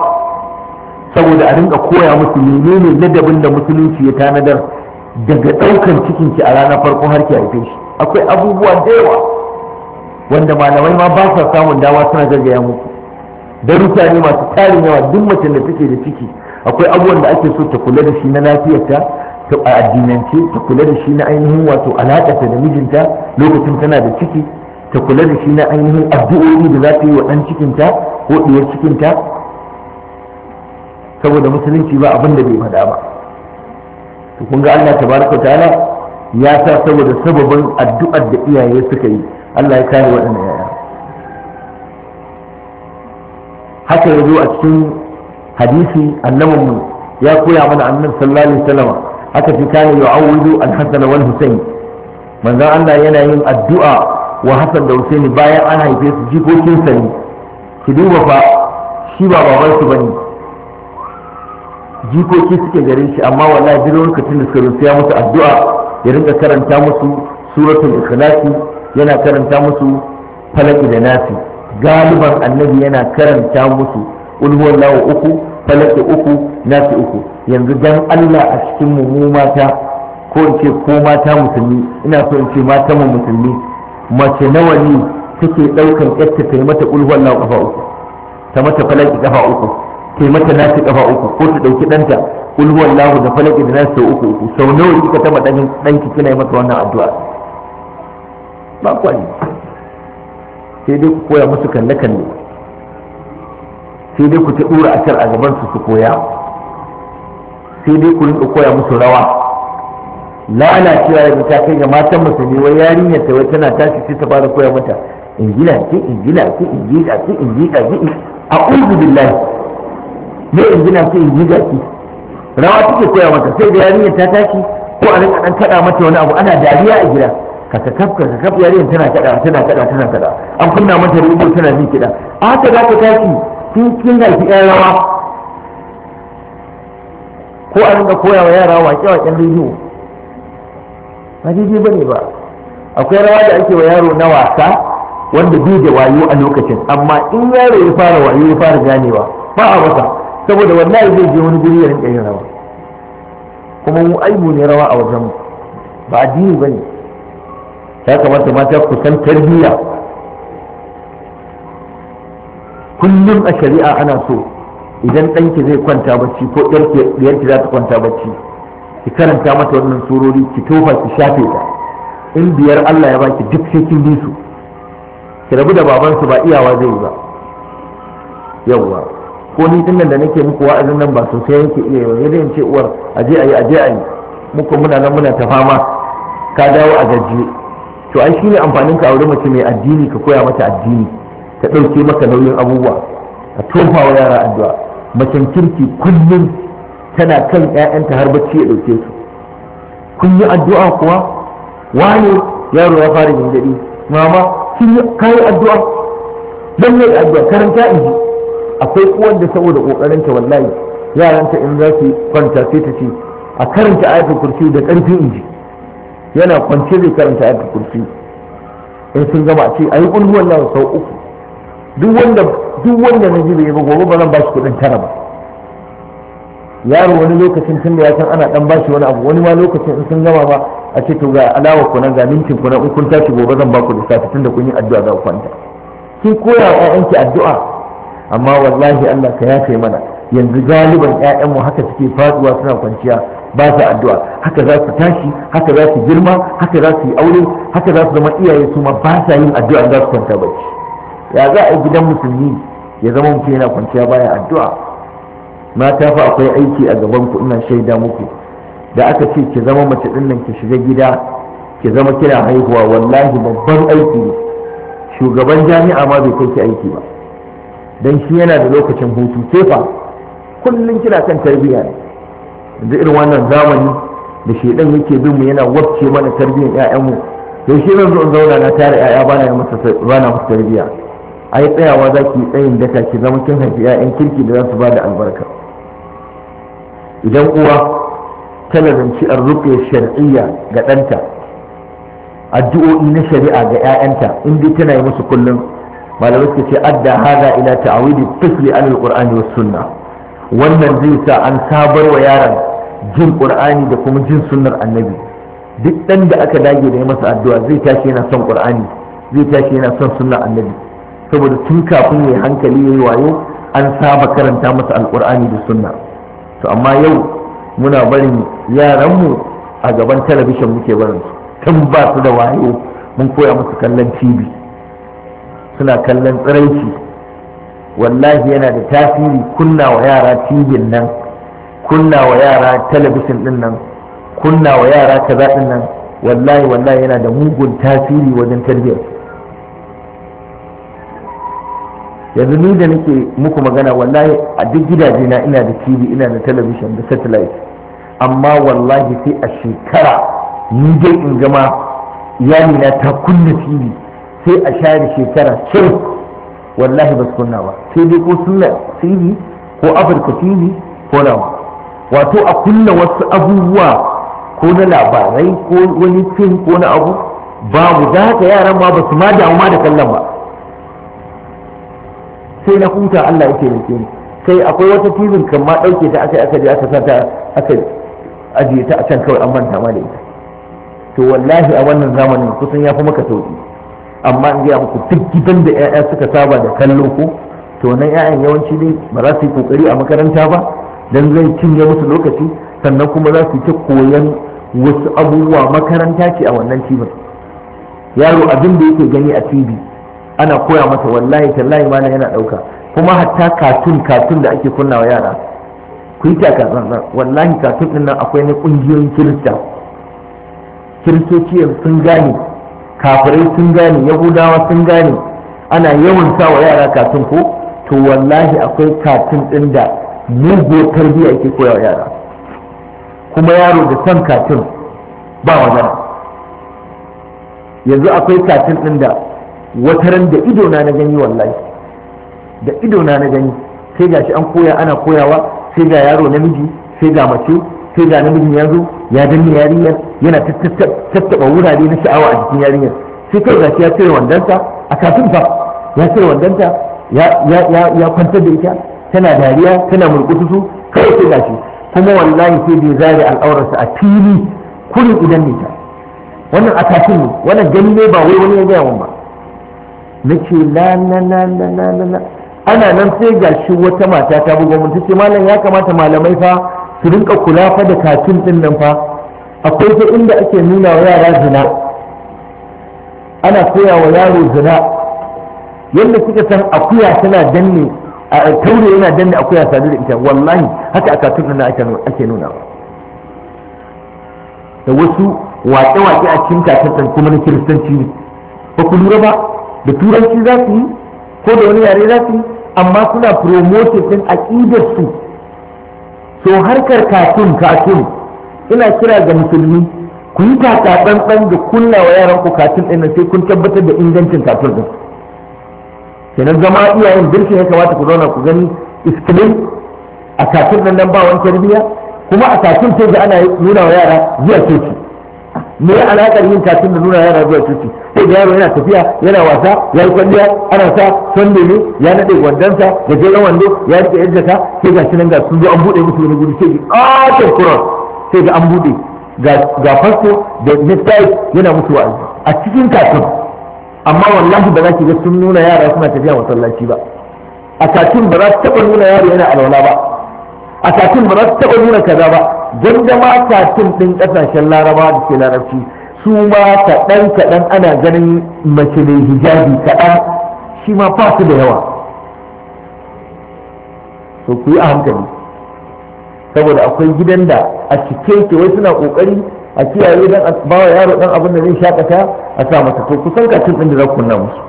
saboda a rinka koya musu menene ladabin da musulunci ya tanadar daga ɗaukar cikinki a ranar farko har ki haife shi akwai abubuwa da yawa wanda malamai ma ba sa samun dama suna gaggaya muku darussa ne masu tarin yawa duk mace da take da ciki akwai abubuwan da ake so ta kula da shi na lafiyarta ta a addinance ta kula da shi na ainihin wato alaƙarta da mijinta lokacin tana da ciki ta kula da shi na ainihin addu'o'i da za ta yi wa ɗan cikinta ko ɗiyar cikinta saboda musulunci ba abin da bai faɗa ba to kun ga Allah tabaraka ta'ala ya sa saboda sababin addu'ar da iyaye suka yi Allah ya kare waɗannan yaya haka ya zo a cikin hadisi mu ya koya mana annabi sallallahu alaihi wasallam haka fi kana yu'awwidu al-hasan wal husayn manzon Allah yana yin addu'a wa Hassan da Husaini bayan an haife su jikokin sa ne ki duba fa shi ba baban su bane jikoki suke garin shi amma wallahi duk kacin da suka rusu ya musu addu'a ya rinka karanta musu suratul ikhlasi yana karanta musu falaki da nasi galiban annabi yana karanta musu ulhuwallahu uku falaki uku nasi uku yanzu dan Allah a cikin mu mata ko in ce ko mata musulmi ina so in ce mata mu musulmi mace nawa ne take daukan yadda ta mata ulhuwallahu kafa uku ta mata falaki kafa uku sai mata nasi kafa uku ko ta dauki danta kul huwallahu da falaki da sau uku uku sau nawa kika taba dan danki kina yi masa wannan addu'a ba kwani sai dai ku koya musu kalle kalle sai dai ku ta dura a a gaban su su koya sai dai ku rinka koya musu rawa lalacewa yanzu ta kai ga matan musulmi wai yarinyar ta wai tana tashi sai ta fara koya mata ingila ki ingila ce ingila in ingila ki a uzu billahi ne yanzu na sai yi ki rawa take koya mata sai da yarinyar ta tashi ko a rinka dan kada mata wani abu ana dariya a gida ka ka kafka ka kaf yarinyar tana kada tana kada tana kada an kunna mata rubu tana jin kida a haka za ta tashi kin kin gashi ɗan rawa ko a rinka koya wa yara waƙe-waƙen rediyo ba daidai ba ne ba akwai rawa da ake wa yaro na wasa wanda bai da wayo a lokacin amma in yaro ya fara wayo ya fara ganewa ba a wasa. saboda wallahi zai je wani guri ya rinka yin rawa kuma mu aibu ne rawa a wajen mu ba addini ba ne ya kamata mata ku san tarbiyya kullum a shari'a ana so idan ɗanki zai kwanta bacci ko ɗiyarki za ta kwanta bacci ki karanta mata wannan surori ki tofa ki shafe ta in biyar Allah ya baki duk sai kin bi su ki rabu da babansu ba iyawa zai yi ba yawwa ko ni din nan da nake muku wa'azin nan ba sosai yake iya yau yadda dai ce uwar a a je yi a je a yi muku muna nan muna ta fama ka dawo a gajiye to ai shine amfanin ka aure mace mai addini ka koya mata addini ta ɗauke maka nauyin abubuwa a tofa wa yara addu'a macen kirki kullum tana kan ƴaƴanta har bacci ya ɗauke su kun yi addu'a kuwa wane yaro ya fara jin mama kin yi addu'a dan ne addu'a karanta inji akwai kuwan da saboda kokarinta wallahi yaranta in za su kwanta sai ta ce a karanta ayatu kursi da karfin inji yana kwance zai karanta ayatu kursi in sun gama a ce a yi kulhu wallahi sau uku duk wanda duk wanda na ji bai ba gobe ba zan ba shi kuɗin tara ba yaro wani lokacin tun da ya san ana dan ba shi wani abu wani ma lokacin in sun gama ba a ce to ga alawa ku na ga mintin ku na kun tashi gobe zan ba ku lissafi tun da kun yi addu'a za ku kwanta sun koya wa ƴaƴanki addu'a amma wallahi Allah ka yafe mana yanzu galiban ƴaƴanmu haka suke faduwa suna kwanciya ba su addu'a haka za su tashi haka za su girma haka za su yi aure haka za su zama iyaye su ma ba sa yin addu'a za su kwanta bacci ya za a yi gidan musulmi ya zama mutum yana kwanciya baya addu'a mata fa akwai aiki a gaban ku ina shaida muku da aka ce ki zama mace din nan ki shiga gida ki zama kina haihuwa wallahi babban aiki ne shugaban jami'a ma bai kai ki aiki ba don shi yana da lokacin hutu kefa kullum kina kan tarbiyya ne yanzu irin wannan zamani da shedan yake bin mu yana wabce mana tarbiyyar ƴaƴanmu to shi zan zo in zauna na tare ƴaƴa bana masa bana masa tarbiyya ai tsayawa zaki tsayin daka ki zama kin haifi ƴaƴan kirki da za su bada albarka idan uwa ta lazanci arruƙe shar'iyya ga ɗanta addu'o'i na shari'a ga 'ya'yanta in dai tana yi musu kullum malamai suka ce adda hada ila ta'awidi tifli an alqur'ani was sunna wannan zai sa an sabar wa yaron jin qur'ani da kuma jin sunnar annabi duk dan da aka dage da masa addu'a zai tashi yana son qur'ani zai tashi yana son sunnar annabi saboda tun kafin yayi hankali yayi wayo an saba karanta masa alqur'ani da sunna to amma yau muna barin yaranmu a gaban talabishin muke barin tun ba su da wayo mun koya musu kallon tv suna kallon tsiraici wallahi yana da tasiri kunna wa yara tibin nan kunna wa yara talabishin din nan kunna wa yara kaza din nan wallahi wallahi yana da mugun tasiri wajen tarbiyyar yanzu ni da nake muku magana wallahi a duk gidaje na ina da tv ina da talabishin da satellite amma wallahi sai a shekara ni dai in gama na ta kunna tv sai a share shekara cin wallahi ba su kunna ba sai dai ko sunna tv ko afirka tv ko nawa wato a kunna wasu abubuwa ko na labarai ko wani fim ko na abu babu za ka yaran ma ba su ma damu ma da kallon ba sai na huta Allah yake da ni sai akwai wata tibin kan ma dauke ta aka aka je aka sata aka ajiye ta a can kawai an manta ma da ita to wallahi a wannan zamanin kusan ya fi maka sauki amma in gaya muku duk gidan da 'ya'ya suka saba da kallo ko to nan 'ya'yan yawanci ne ba za su yi kokari a makaranta ba dan zai cinye musu lokaci sannan kuma za su ta koyan wasu abubuwa makaranta ce a wannan cibin yaro abin da yake gani a tv ana koya masa wallahi tallahi ma yana dauka kuma hatta katun katun da ake kunnawa yara ku yi takatsantsan wallahi katun din nan akwai na kungiyoyin kirista kiristociyar sun gane kafirai sun gane yahudawa sun gane ana yawan sa wa yara katin ko to wallahi akwai katin ɗin da mugu tarbiyya ke koya wa yara kuma yaro da son katin ba magana yanzu akwai katin ɗin da wataran da ido na gani wallahi da ido na gani sai shi an koya ana koyawa sai ga yaro namiji sai ga mace sai ga namijin ya zo ya danne yariyar yana tattaɓa wurare na sha'awa a jikin yarinyar sai kai gashi ya cire ta a kafin fa ya cire ta ya kwantar da ita tana dariya tana murkutusu kai sai gashi kuma wallahi sai bai zare al'aurarsa a fili kurin idan ne ta wannan a kafin ne wannan gani ne ba wai wani ya gaya mun ba ce la na na na na na na ana nan sai gashi wata mata ta bugo mun ce malam ya kamata malamai fa su rinka kula fa da kafin din nan fa akwai ta inda ake nuna wa yara zina ana koya wa yaro zina yadda suka san akuya tana danne a taure yana danne akuya sadu da ita wallahi haka aka tunana ake nuna da wasu waƙe-waƙe a cikin kakantar kuma na kiristanci ne ba ku lura ba da turanci za su yi ko da wani yare za su yi amma suna promoting din aƙidar su so harkar katun katun ina kira ga musulmi ku yi takatsantsan da kunna wa yaran ku katin ɗin sai kun tabbatar da ingancin katin ɗin kenan zama iyayen birki ya kamata ku zauna ku gani iskilin a katin ɗin nan ba wani tarbiyya kuma a katin sai da ana nuna wa yara zuwa coci me ya alaƙar yin katin da nuna yara zuwa coci sai da yaro yana tafiya yana wasa ya yi kwalliya ana sa da ne ya naɗe gwandonsa da jeren wando ya riƙe yadda ta sai ga shi nan ga sun zo an buɗe musu wani gudu sai a ah, kurar sai ga an buɗe ga fasto da mistai yana musu wa'azi a cikin kafin amma wallahi ba za ki ga sun nuna yara suna tafiya masallaci ba a kafin ba za su taɓa nuna yaro yana alwala ba a kafin ba za su taɓa nuna kaza ba gandama kafin ɗin ƙasashen laraba da ke larabci su ma kaɗan kaɗan ana ganin mace mai hijabi kaɗan shi ma fasu da yawa so ku yi a hankali saboda akwai gidan da a cike ke wai suna kokari a kiyaye dan ba wa yaro dan abin da zai shakata a sa masa to kusan kacin ɗin da za ku nuna musu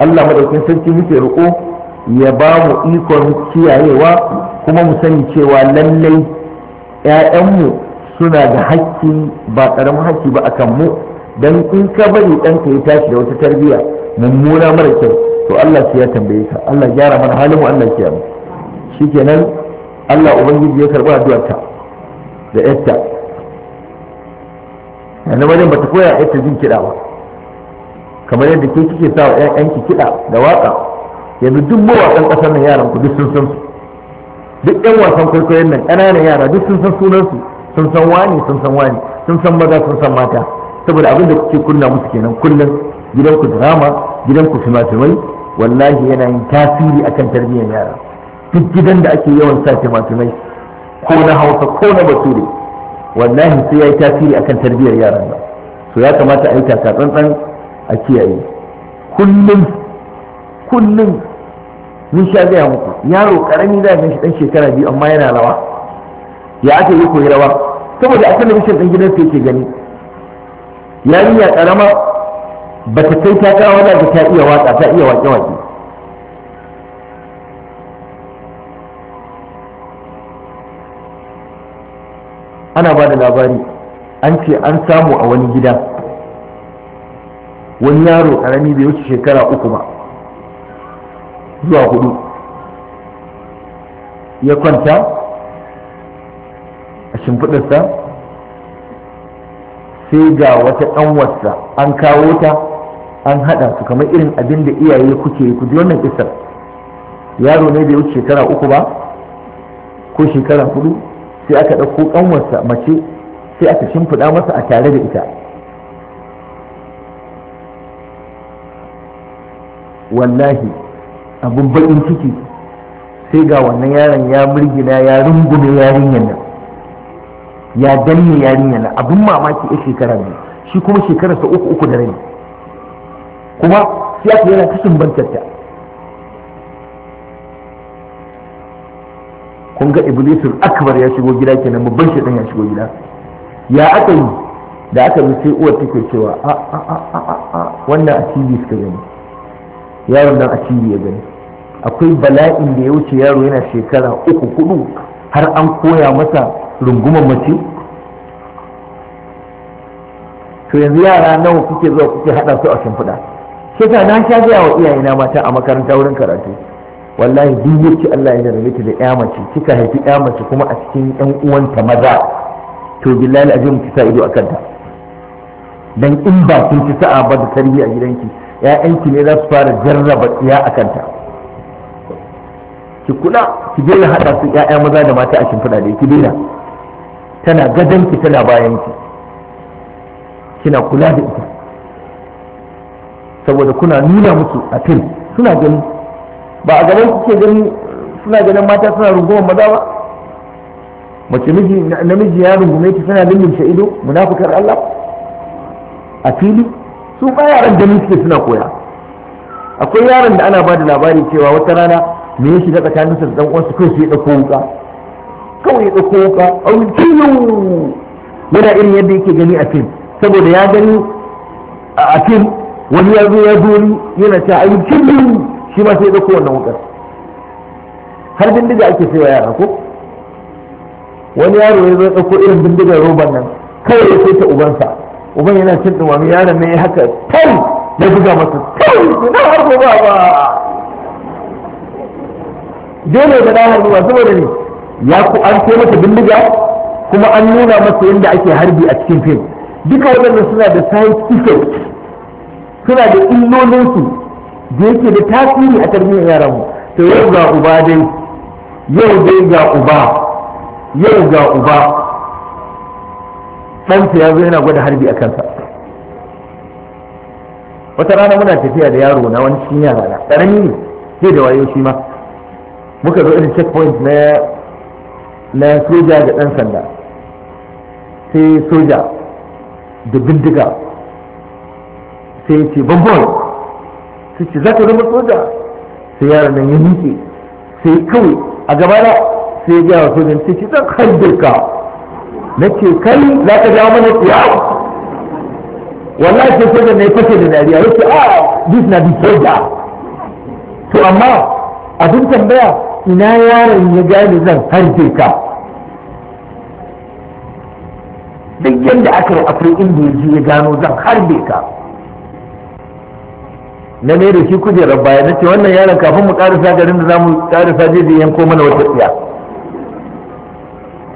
Allah madaukakin sarki muke roƙo ya ba mu ikon kiyayewa kuma mu sani cewa lallai ƴaƴanmu suna da hakki ba karamin hakki ba akan mu dan in ka bari dan ka yi tashi da wata tarbiyya mummuna mara kyau to Allah shi ya tambaye ka Allah gyara mana halin mu Allah shi ya mu shikenan Allah ubangiji ya karba addu'arta da yatta yana wajen bata koya yatta jin kiɗa ba kamar yadda ke kike sa wa ƴaƴanki kiɗa da waƙa yanzu duk mawaƙan ƙasar nan yaran ku duk sun san su duk ƴan wasan kwaikwayon nan ƙananan yara duk sun san sunansu sun san wani sun san wani sun san maza sun san mata saboda abin da kuke kunna musu kenan kullum gidanku drama gidanku fima-fimai wallahi yana yin tasiri akan tarbiyyar yara duk gidan da ake yawan sa timatimai ko na hausa ko na bature wallahi sai ya yi tasiri akan tarbiyyar yaran nan so ya kamata a yi tasa, tsantsan a kiyaye kullum kullum mun sha gaya muku yaro karami za a shi dan shekara biyu amma yana rawa ya aka yi koyi rawa saboda a talabishin ɗan gidan su yake gani yarinya karama ba ta kai ta kawo da ta iya waka ta iya wake-wake ana ba da labari an ce an samu a wani gida wani yaro karami bai wuce shekara uku ba zuwa hudu ya kwanta a shimfiɗarsa sai ga wata ɗanwarsa an kawo ta an haɗa su kamar irin abin da iyaye kuke ku ji wannan isar yaro ne bai wuce shekara uku ba ko shekara hudu sai aka ɗauko ƙanwarsa mace sai aka shimfiɗa masa a tare da ita wallahi abin baƙin ciki sai ga wannan yaron ya murgina ya rungume yarinyar nan ya danne yarinyar nan abin mamaki ya shekara biyu shi kuma shekararsa uku uku da rai kuma sai aka yana ta bantarta. kun ga iblisul akbar ya shigo gida kenan babban shaitan ya shigo gida ya aka yi da aka bi sai uwar take cewa a a a a a wannan a tv suka gani yaron nan a tv ya gani akwai bala'in da ya wuce yaro yana shekara uku hudu har an koya masa runguman mace to yanzu yara nawa kuke zuwa kuke hada su a shimfiɗa shekara na sha gaya wa iyayena mata a makaranta wurin karatu wallahi duk yake Allah ya jarabe ki da ƴa mace kika haifi ƴa mace kuma a cikin ƴan uwanta maza to billahi azim ki sa ido akan ta dan in ba kin ci sa'a ba da tarbiyya a gidanki ƴaƴanki ne za su fara jarraba tsiya akan ta ki kula ki daina hada su ƴaƴa maza da mata a shimfiɗa da ki daina tana gadanki tana bayanki kina kula da ita saboda kuna nuna musu a fil suna ganin. ba a gaban suke gani suna ganin mata suna rungumar maza ba mace miji namiji ya rungume ta tana sha ido munafikar Allah a fili su ba yaran da suke suna koya akwai yaron da ana ba da labari cewa wata rana me ya shiga tsakaninsa da dan uwansa kai su ya dauko wuka kawai ya dauko wuka aukiyu yana irin yadda yake gani a fim saboda ya gani a fim wani ya zo ya zo yana ta ayyukin shi ma sai ɗauko wannan wukar har bindiga ake sai wa yara ko wani yaro ya zai ɗauko irin bindigar roban nan kawai ya sai ta ubansa uban yana cin ɗumami yaron ne haka tai ya buga masa tai na har ba ba dole da na har ba saboda ne ya ku an sai masa bindiga kuma an nuna masa yadda ake harbi a cikin fim duka waɗannan suna da side effect suna da illolinsu da yake da tasiri a tarbiyyar yaran mu to yau ga uba dai yau dai ga uba yau ga uba ya zo yana gwada harbi a kansa wata rana muna tafiya da yaro na wani cikin yara na ƙarami ne sai da wayo shi ma muka zo irin checkpoint na na soja da ɗan sanda sai soja da bindiga sai ce bambam su ce za ka zama soja sai yaran nan ya miƙe sai kawai a gaba da sai ya gaya wa sojan sai ce zan haidarka na ce kai za ka jawo mana tsiya wallahi sai sojan na ya fashe da dariya ya ce a this na be soja to amma abin tambaya ina yaron ya gane zan ka duk yadda aka yi akwai inda ya ji ya gano zan harbe ka na ne da shi kujerar baya na ce wannan yaron kafin mu karisa garin da zamu mu je da yanko mana wata tsiya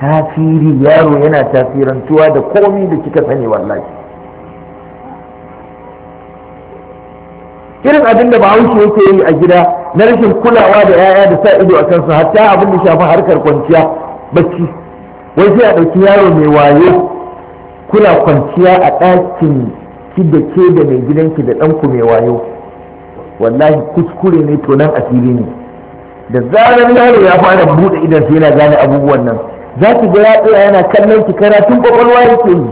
tasiri yaro yana tasirantuwa da komai da kika sani wallahi irin abin da bahaushe yake yi a gida na rashin kulawa da 'ya'ya da sa ido a kansu hatta abin da shafi harkar kwanciya bacci wai sai a ɗauki yaro mai wayo kula kwanciya a ɗakin ki da ke da mai gidanki da ɗanku mai wayo wallahi kuskure ne to nan asiri ne da zarar yaro ya fara bude idan sai yana gane abubuwan nan za ki ga ya tsaya yana kallon ki tun kwakwalwa yake yi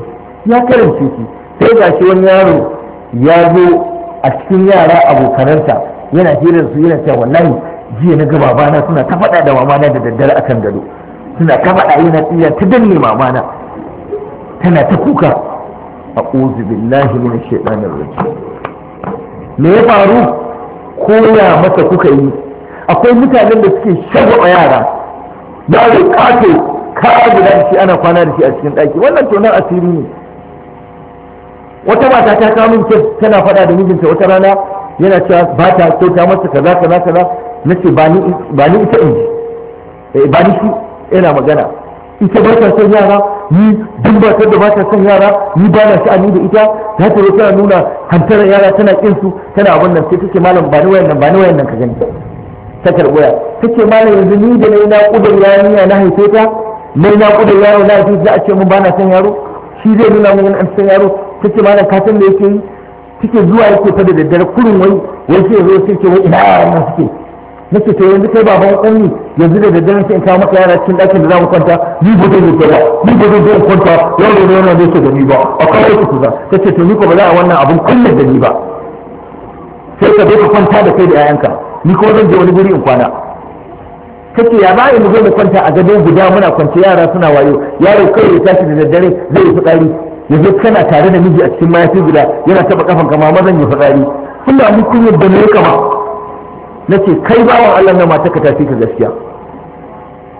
ya karance ki sai ga shi wani yaro ya zo a cikin yara abokanansa yana hirar su yana cewa wallahi jiya na ga babana suna ta faɗa da mamana da daddare akan gado suna ta faɗa yana tsiya ta danne mamana tana ta kuka a'udhu billahi min shaitanir rajim me ya faru koya masa kuka yi akwai mutanen da suke shagwaba yara yaro kato ka da shi ana kwana da shi a cikin ɗaki wannan tonar asiri ne wata mata ta kawo min tana faɗa da mijinta wata rana yana cewa ba ta ta masa kaza kaza kaza na ce ba ni ita in ji eh, ba ni shi yana magana ita ba ta son yara ni duk matar da ba ta son yara ni ba na sha'ani da ita za ta zo tana nuna hantarar yara tana kin su tana abin nan sai take malam ba ni wayan nan ba ni wayan nan ka gani ta karboya take malam yanzu ni da nayi naƙudar yarinya na haife ta nayi naƙudar yaro na haife za a ce mun ba na son yaro shi zai nuna mun an san yaro take malam ka san me yake yi take zuwa yake fada da daddare kurin wai wai sai zo sai ce wai ina yaran nan suke nake ce yanzu kai baban ummi yanzu da daddare sai in kawo maka yara cikin ɗakin da za mu kwanta ni ba yi ba ni ba zan yi kwanta yaro ne wannan zai da ni ba a kawo ku ka ce to ni ko ba za a wannan abun kullum da ni ba sai ka ka kwanta da kai da 'ya'yanka ni ko zan je wani guri in kwana kake ya ba mu zo mu kwanta a gado guda muna kwance yara suna wayo yaro kai ya tashi da daddare zai yi fitsari yanzu kana tare da miji a cikin mayafi guda yana taba kafan kama mazan ya fitsari kullum kun yadda ne kama na ce kai ba wa Allah na mata ka tafi ka gaskiya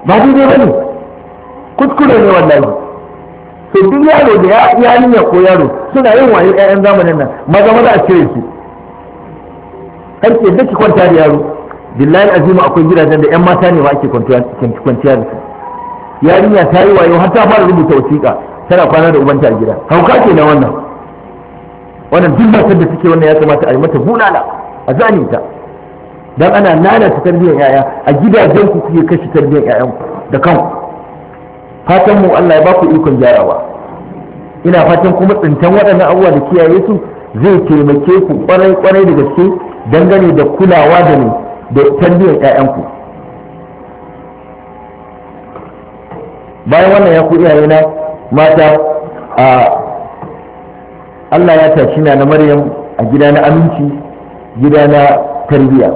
ba daidai ba ne kuskure ne wallahi to duk yaro da yarinya ko yaro suna yin wayo ƴaƴan zamanin nan maza maza a cire su har ke duk kwanta da yaro billahi azima akwai gidajen da ƴan mata ne ba ake kwanciya da su yarinya ta yi wayo har ta fara rubuta wasiƙa tana kwana da ubanta a gida hauka ke na wannan wannan duk matar da take wannan ya kamata a yi mata bulala a zane ta dan ana lalata tarbiyyar yaya a gidajen ku kuke kashe tarbiyyar yayan da kanku fatan mu Allah ya baku ikon jarawa ina fatan kuma tsintan waɗannan abubuwa da kiyaye su zai taimake ku kwarai kwarai da gaske dangane da kulawa da ne da tarbiyyar yayan ku bayan wannan ya ku iyaye na mata a Allah ya tashi na na Maryam a gida na aminci gida na tarbiyya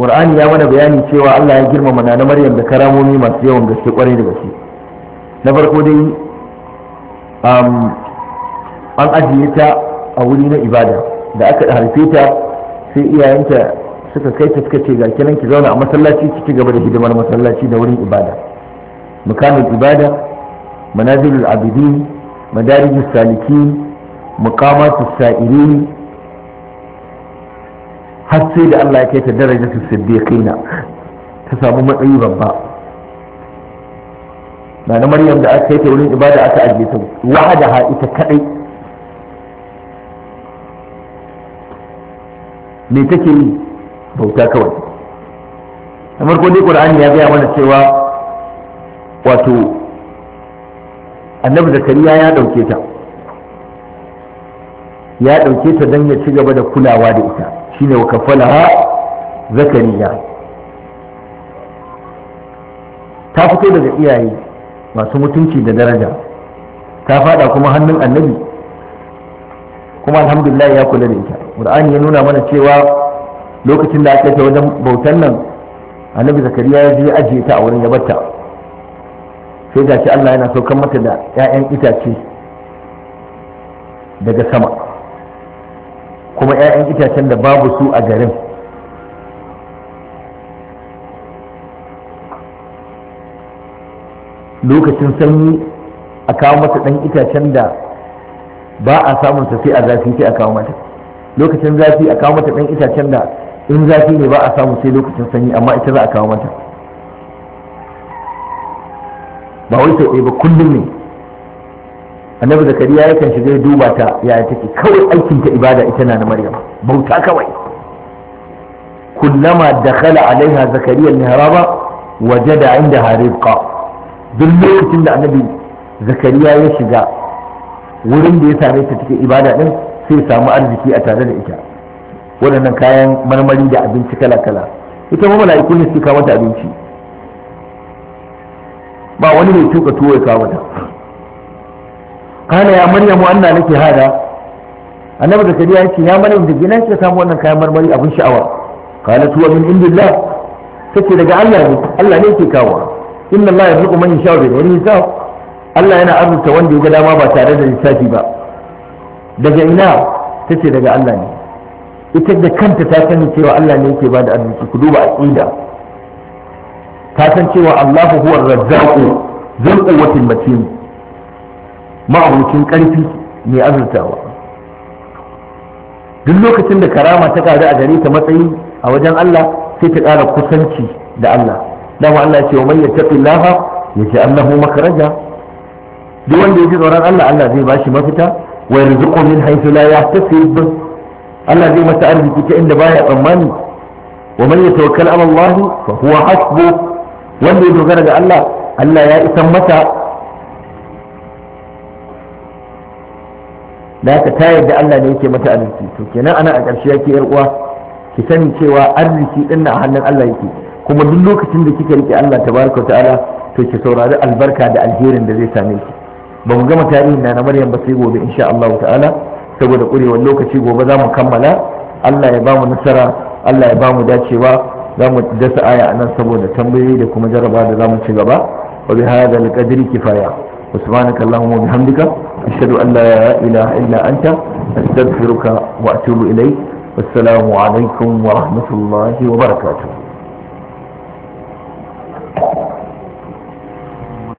qur'ani ya mana bayani cewa Allah ya girmama na maryam da karamomi masu yawan gaske kwarai da gaske na farko dai an ajiye ta a wuri na ibada da aka harfe ta sai iyayenta suka kai ta suka ce ga kinan ki zauna a masallaci ki ci gaba da hidimar masallaci da wurin ibada mukamin ibada manazilul abidin madarijus salikin muqamatus sa'irin har sai da Allah ya kai ta daraja su siddiqina ta samu matsayi babba na na maryam da aka kai ta wurin ibada aka ajiye ta wahadaha ita kadai me take yi bauta kawai kamar ko dai qur'ani ya gaya mana cewa wato annabi zakariya ya dauke ta ya dauke ta don ya ci gaba da kulawa da ita shine wa kafalaha zakariya ta fito daga iyaye masu mutunci da daraja ta fada kuma hannun annabi kuma alhamdulillah ya kula da ita qur'ani ya nuna mana cewa lokacin da aka ta wajen bautan nan annabi zakariya ya je ajiye ta a wurin yabarta sai gashi Allah yana saukan mata da 'ya'yan itace daga sama kuma 'ya'yan itacen da babu su a garin lokacin sanyi a kawo mata ɗan itacen da ba a samun sa sai a zafi sai a kawo mata lokacin zafi a kawo mata ɗan itacen da in zafi ne ba a samu sai lokacin sanyi amma ita za a kawo mata ba wai sau ɗaya ba kullum ne annabi zakariya yakan shiga ya duba ta yaya take kawai aikin ta ibada ita na maryam bauta kawai kullama dakhala alaiha zakariya al-mihraba wajada indaha ribqa duk lokacin da annabi zakariya ya shiga wurin da ya same ta take ibada din sai samu arziki a tare da ita waɗannan kayan marmari da abinci kala-kala ita ma mala'iku ne suka mata abinci ba wani mai tuka tuwo ya kawo mata kana ya maryamu anna laki hada annabi da ya ce ya maryamu da gina ki samu wannan kayan marmari abin sha'awa qalat huwa min indillah take daga Allah ne Allah ne yake kawo inna Allah yarzuqu man yasha'u bi ghairi hisab Allah yana arzuta wanda ya ga dama ba tare da lissafi ba daga ina daga Allah ne ita da kanta ta sani cewa Allah ne yake bada arziki ku duba aqida ta san cewa Allahu huwa ar-razzaqu zul quwwatil matin ma'abucin ƙarfi mai azurtawa duk lokacin da karama ta ƙaru a gare ta matsayi a wajen Allah sai ta ƙara kusanci da Allah dama Allah ce wa man yattaqillaha yaj'al lahu makhraja duk wanda ya ji tsoron Allah Allah zai bashi mafita wa yarzuqu min haythu la yahtasib Allah zai masa arziki ta inda baya tsammani wa man yatawakkal ala Allah fa huwa hasbu wanda ya dogara ga Allah Allah ya isan mata. da haka ta yarda Allah ne yake mata arziki to kenan ana a ƙarshe yake yar uwa ki sani cewa arziki din a hannun Allah yake kuma duk lokacin da kike rike Allah tabaraka ta'ala to ki saurari albarka da alherin da zai same ki ba mu gama tarihin na Maryam ba sai gobe insha Allah ta'ala saboda kurewar lokaci gobe za mu kammala Allah ya ba mu nasara Allah ya ba mu dacewa za mu dasa aya a nan saboda tambayoyi da kuma jaraba da za mu ci gaba wa bi hadha al-qadri kifaya subhanaka allahumma wa bihamdika ashhadu an la ilaha illa anta astaghfiruka wa atubu ilayk wassalamu alaikum wa rahmatullahi wa barakatuh